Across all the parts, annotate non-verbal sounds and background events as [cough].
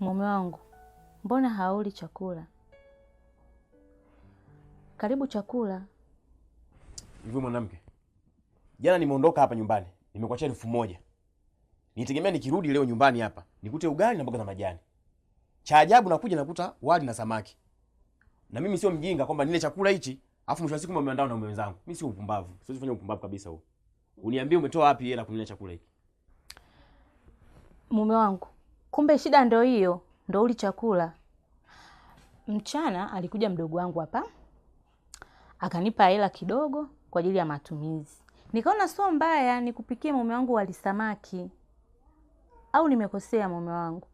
Mume wangu, mbona hauli chakula? Karibu chakula. Hivyo mwanamke, jana nimeondoka hapa nyumbani, nimekuachia elfu moja. Nitegemea nikirudi leo nyumbani hapa nikute ugali na mboga za majani. Cha ajabu nakuja nakuta wali na samaki. Na mimi sio mjinga kwamba nile chakula hichi, afu mwisho wa siku mmeandaa na mume wenzangu. Mimi sio mpumbavu, Siwezi kufanya upumbavu kabisa huo. Uniambie umetoa wapi hela kununua chakula hiki? Mume wangu, kumbe shida ndo hiyo, ndo uli chakula. Mchana alikuja mdogo wangu hapa akanipa hela kidogo kwa ajili ya matumizi, nikaona sio mbaya nikupikie mume wangu wali samaki. Au nimekosea mume wangu?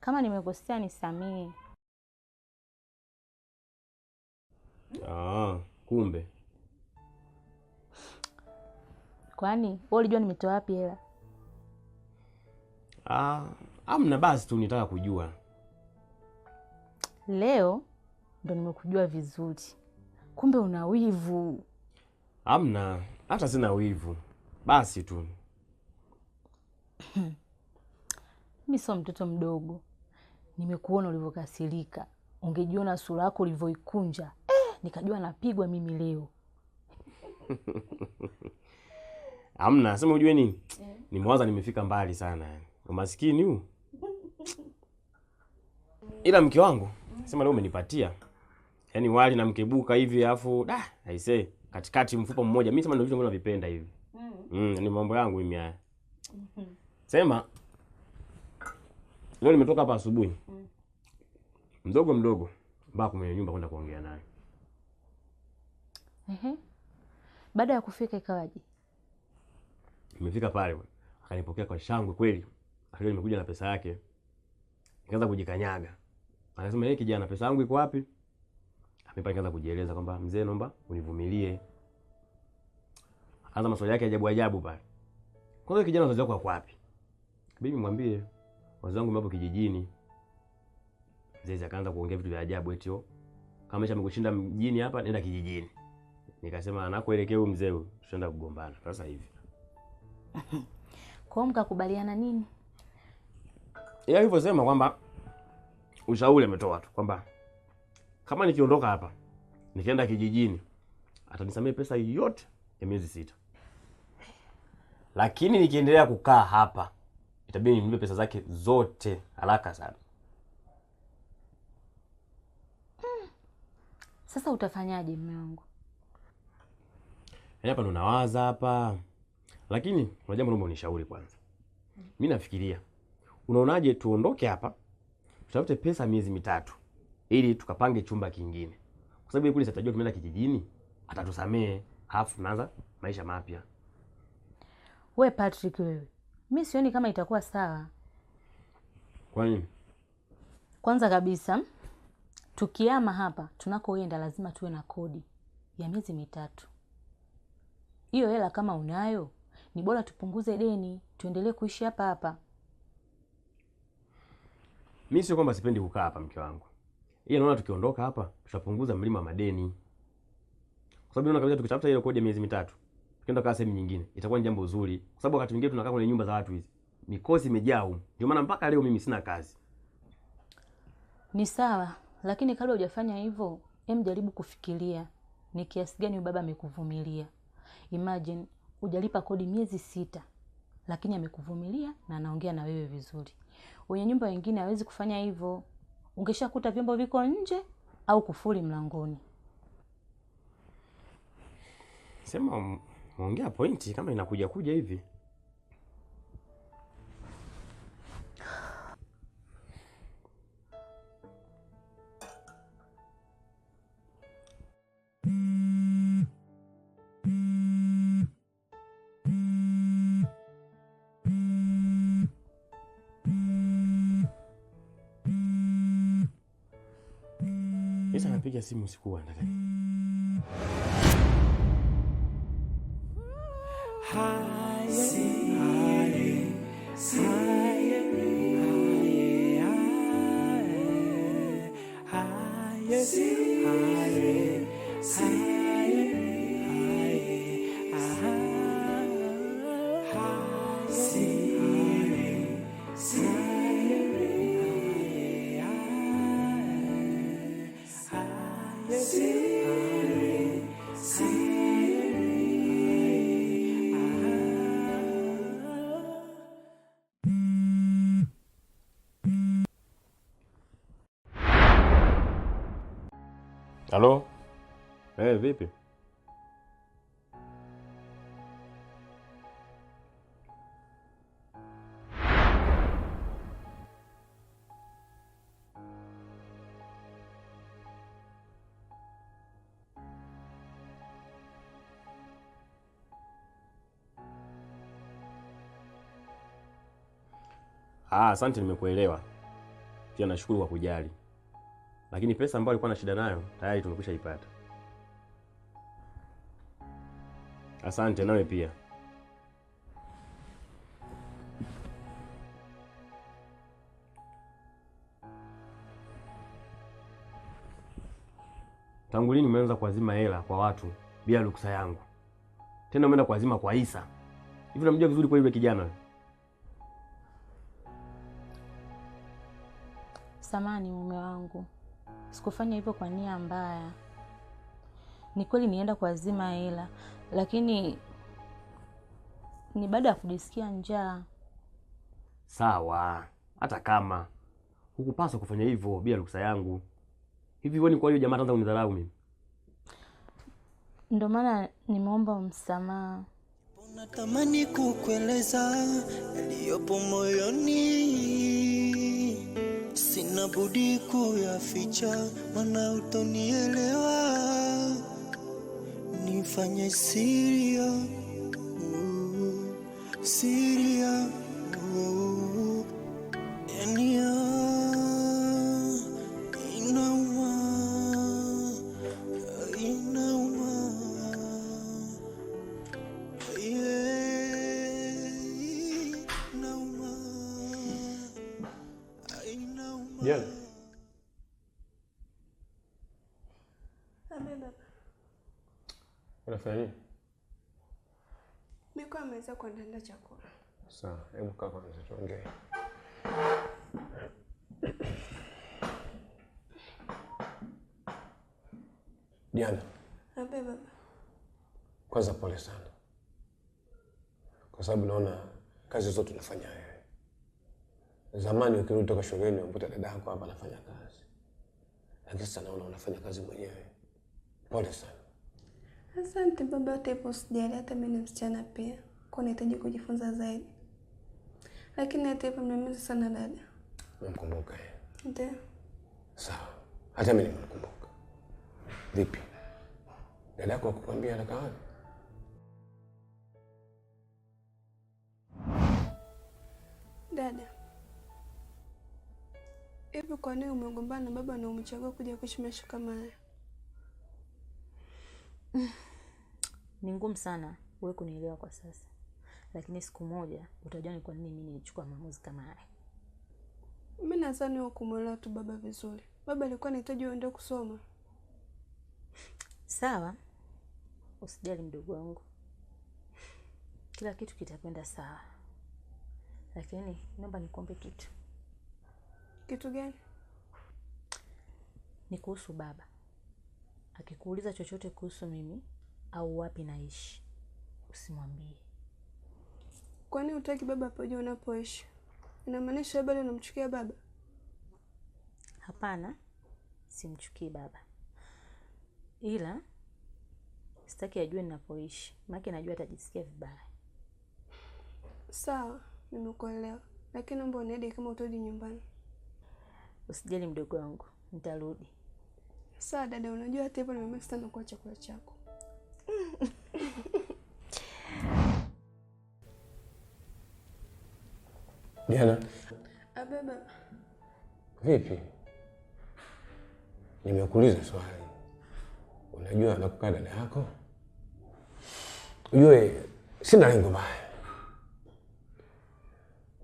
Kama nimekosea nisamehe. Ah, kumbe. Kwani wewe ulijua nimetoa wapi hela? Ah, amna basi tu nitaka kujua. Leo ndo nimekujua vizuri. Kumbe una wivu. Amna, hata sina wivu. Basi tu. Mimi hmm. sio mtoto mdogo. Nimekuona ulivyokasirika. Ungejiona sura yako ulivyoikunja. Eh, nikajua napigwa mimi leo. [laughs] Amna, sema ujue nini? Eh. Nimewaza nimefika mbali sana. Umaskini huu. Ila mke wangu, sema leo umenipatia. Yaani wali na mkebuka hivi alafu da, say katikati mfupa mmoja. Mimi sema ndio vitu navipenda hivi. Mm, ni mambo yangu mimi haya. Sema leo nimetoka hapa asubuhi. Mdogo mdogo mpaka kwenye nyumba kwenda kuongea naye. Ehe. Mhm. Baada ya kufika ikawaje? Nimefika pale, akanipokea kwa shangwe kweli akili nimekuja na pesa yake, nikaanza kujikanyaga. Anasema yeye kijana, pesa yangu iko wapi? Amepa, nikaanza kujieleza kwamba mzee, naomba univumilie. Anza maswali yake ajabu ajabu pale. Kwanza kijana, wazazi wako wako wapi? Kabii nimwambie wazazi wangu wapo kijijini. Mzee akaanza kuongea vitu vya ajabu eti oh, kama mesha amekushinda mjini hapa, nenda kijijini. Nikasema anakoelekea huyu mzee huyu, tutaenda kugombana sasa hivi. [laughs] Kwa hiyo mkakubaliana nini? yeye alivyosema kwamba ushauri ametoa tu kwamba kama nikiondoka hapa nikaenda kijijini atanisamia pesa yote ya miezi sita, lakini nikiendelea kukaa hapa itabidi nimlipe pesa zake zote haraka sana. Hmm. Sasa utafanyaje mume wangu? Yaani hapa ndo nawaza hapa, lakini kuna jambo naomba unishauri kwanza. Hmm. nafikiria unaonaje tuondoke hapa tutafute pesa miezi mitatu ili tukapange chumba kingine, kwa sababu kule sitajua tumeenda kijijini, atatusamee halafu tunaanza maisha mapya. We Patrick, wewe mi sioni kama itakuwa sawa. Kwa nini? Kwanza kabisa tukiama hapa tunakoenda, lazima tuwe na kodi ya miezi mitatu. Hiyo hela kama unayo, ni bora tupunguze deni, tuendelee kuishi hapa hapa mimi sio kwamba sipendi kukaa hapa mke wangu. Yeye naona tukiondoka hapa tutapunguza mlima wa madeni. Kwa sababu naona kabisa tukichapata ile kodi ya miezi mitatu, tukienda kaa sehemu nyingine, itakuwa ni jambo zuri. Kwa sababu wakati mwingine tunakaa kwenye nyumba za watu hizi. Mikosi imejaa huko. Ndio maana mpaka leo mimi sina kazi. Ni sawa, lakini kabla hujafanya hivyo, hem jaribu kufikiria ni kiasi gani baba amekuvumilia. Imagine hujalipa kodi miezi sita, lakini amekuvumilia na anaongea na wewe vizuri. Wenye nyumba wengine hawezi kufanya hivyo, ungeshakuta vyombo viko nje au kufuli mlangoni. Sema mwongea pointi, kama inakuja kuja hivi. Napiga simu usiku uandakae. Halo? Eh, vipi? Ah, asante nimekuelewa. Pia nashukuru kwa kujali lakini pesa ambayo alikuwa na shida nayo tayari tumekwisha ipata. Asante. Nawe pia. Tangu lini umeanza kuazima hela kwa watu bila ruksa yangu? Tena umeenda kuazima kwa Isa. Hivi unamjua vizuri kwa yule kijana? Samani mume wangu, Sikufanya hivyo kwa nia mbaya. Ni kweli nienda kuazima hela, lakini ni baada ya kujisikia njaa. Sawa, hata kama hukupaswa kufanya hivyo bila ruhusa yangu. Hivi wewe ni kwa hiyo jamaa tanza kunidharau mimi? Ndio maana nimeomba msamaha. Natamani kukueleza yaliyopo moyoni Sina budi kuyaficha, maana utonielewa, nifanye siria, uh, siria Unafanya nini? Niko ameweza kuandaa chakula. Sawa, hebu kaa kwanza tuongee. Diana. Ambe baba. Kwanza pole sana. Kwa sababu naona kazi zote unafanya wewe. Zamani ukirudi toka shuleni unakuta dadako hapa anafanya kazi. Lakini sasa naona unafanya kazi mwenyewe. Pole sana. Asante baba, hata hivyo usijali, hata mimi ni msichana pia, kwa nahitaji kujifunza zaidi, lakini hata hivyo mnamizi sana dada. Namkumbuka ndio. Sawa, hata mimi nimemkumbuka. Vipi dada yako akukwambia anakaa wapi? Dada, hivi kwa nini umegombana na baba na umechagua kuja kuishi maisha kama haya? [sighs] ni ngumu sana wewe kunielewa kwa sasa, lakini siku moja utajua ni kwa nini mimi nilichukua maamuzi kama haya. Mimi nadhani kumwelewa tu baba vizuri. Baba alikuwa anahitaji uende kusoma. Sawa, usijali mdogo wangu, kila kitu kitakwenda sawa, lakini naomba nikuombe kitu. Kitu gani? Ni kuhusu baba akikuuliza chochote kuhusu mimi au wapi naishi, usimwambie. Kwani hutaki baba apojua unapoishi? Inamaanisha bado unamchukia baba? Hapana, simchukii baba, ila sitaki ajue ninapoishi, maana najua atajisikia vibaya. Sawa, nimekuelewa, lakini naomba uniahidi kama utarudi nyumbani. Usijali mdogo wangu, nitarudi. Sawa dada, unajua hata hivyo nimemaliza sana kwa chakula chako. [laughs] Diana. Ababa. Ah, Vipi? Nimekuuliza swali. Unajua anakukaa dada yako? Ujue sina lengo baya.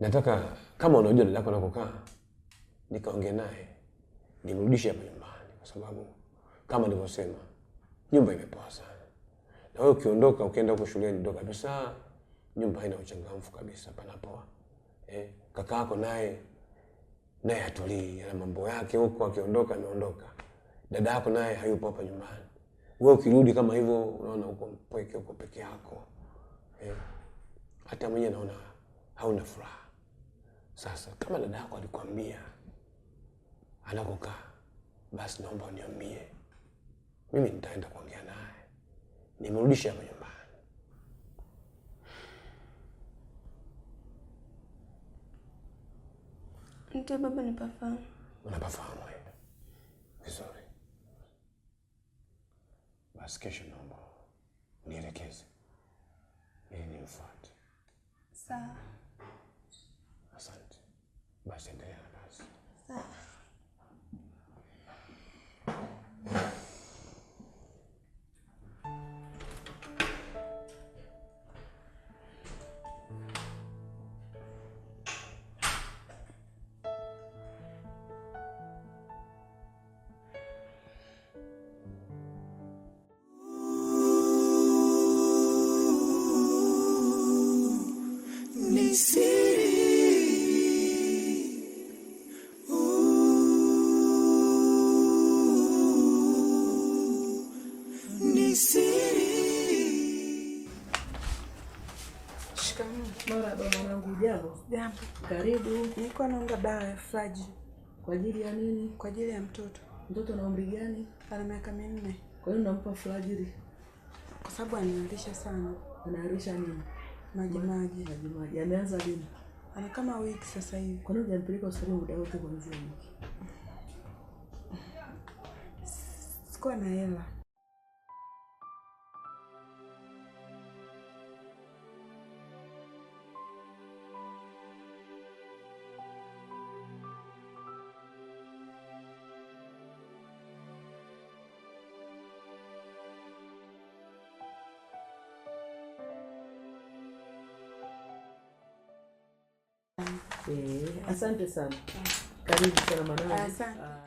Nataka kama unajua dada yako anakokaa nikaongea naye nimrudishe hapa nyumbani kwa sababu kama nilivyosema nyumba imepoa sana, na wewe ukiondoka ukienda huko shuleni ndo kabisa nyumba haina uchangamfu kabisa, panapoa. Eh, kaka yako naye naye atulii, ana mambo yake huko, akiondoka anaondoka. Dada yako naye hayupo hapa nyumbani, wewe ukirudi kama hivyo, unaona uko mpweke, uko peke yako eh, hata mwenye naona hauna furaha. Sasa kama dada yako alikwambia anakokaa basi naomba uniambie, mimi nitaenda kuongea naye nimrudishe hapa nyumbani. Ndio baba, nipafahamu. Unapafahamu vizuri. Basi kesho naomba nielekeze ili nimfuate. Sawa, asante. Basi endelea na kazi. Sawa. Jambo. Jambo. Karibu. Nilikuwa naomba dawa ya Faji. Kwa ajili ya nini? Kwa ajili ya mtoto. Mtoto ana umri gani? Ana miaka minne. Kwa hiyo nampa flajili kwa sababu anaharisha sana. Anaharisha nini? Maji maji. Maji maji. Ameanza lini? Ana kama wiki sasa hivi. Kwa nini hujampeleka hospitali muda wote kuanzia wiki? Sikuwa na hela. Eh, asante sana. Karibu sana mwanangu. Asante. Ah.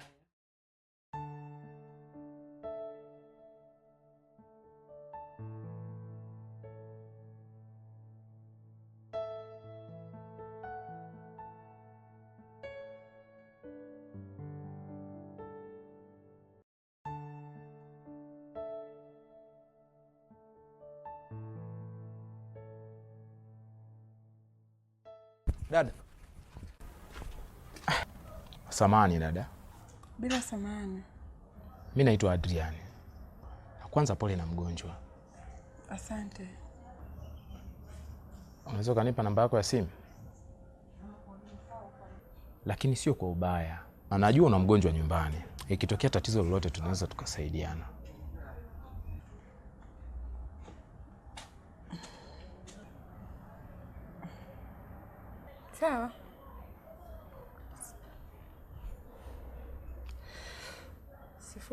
Dada. Samani dada. Bila samani. Mi naitwa adrian Kwanza pole na mgonjwa. Asante. Unaweza ukanipa namba yako ya simu? Lakini sio kwa ubaya, najua una mgonjwa nyumbani. Ikitokea tatizo lolote, tunaweza tukasaidiana. Sawa.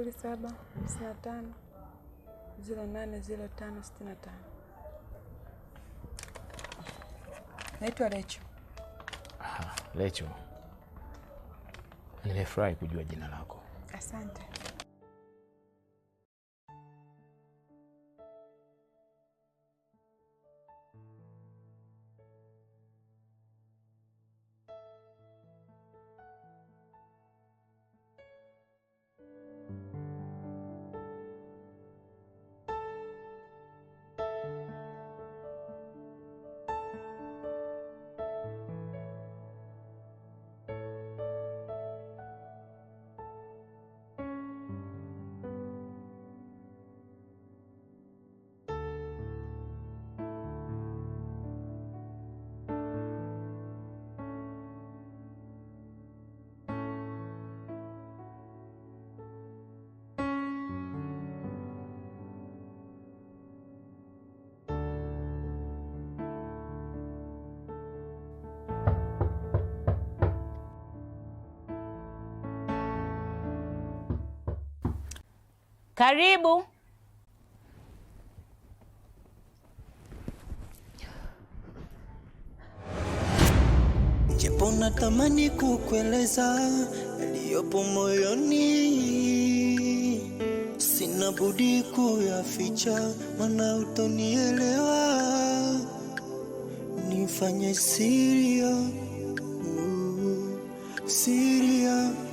sifuri saba hamsini na tano nane tano sitini na tano. Naitwa lecho Lechu, nimefurahi kujua jina lako. Asante. Karibu. Japo natamani kukueleza yaliyopo moyoni, sina budi kuyaficha, maana utonielewa, nifanye siria, uh, siria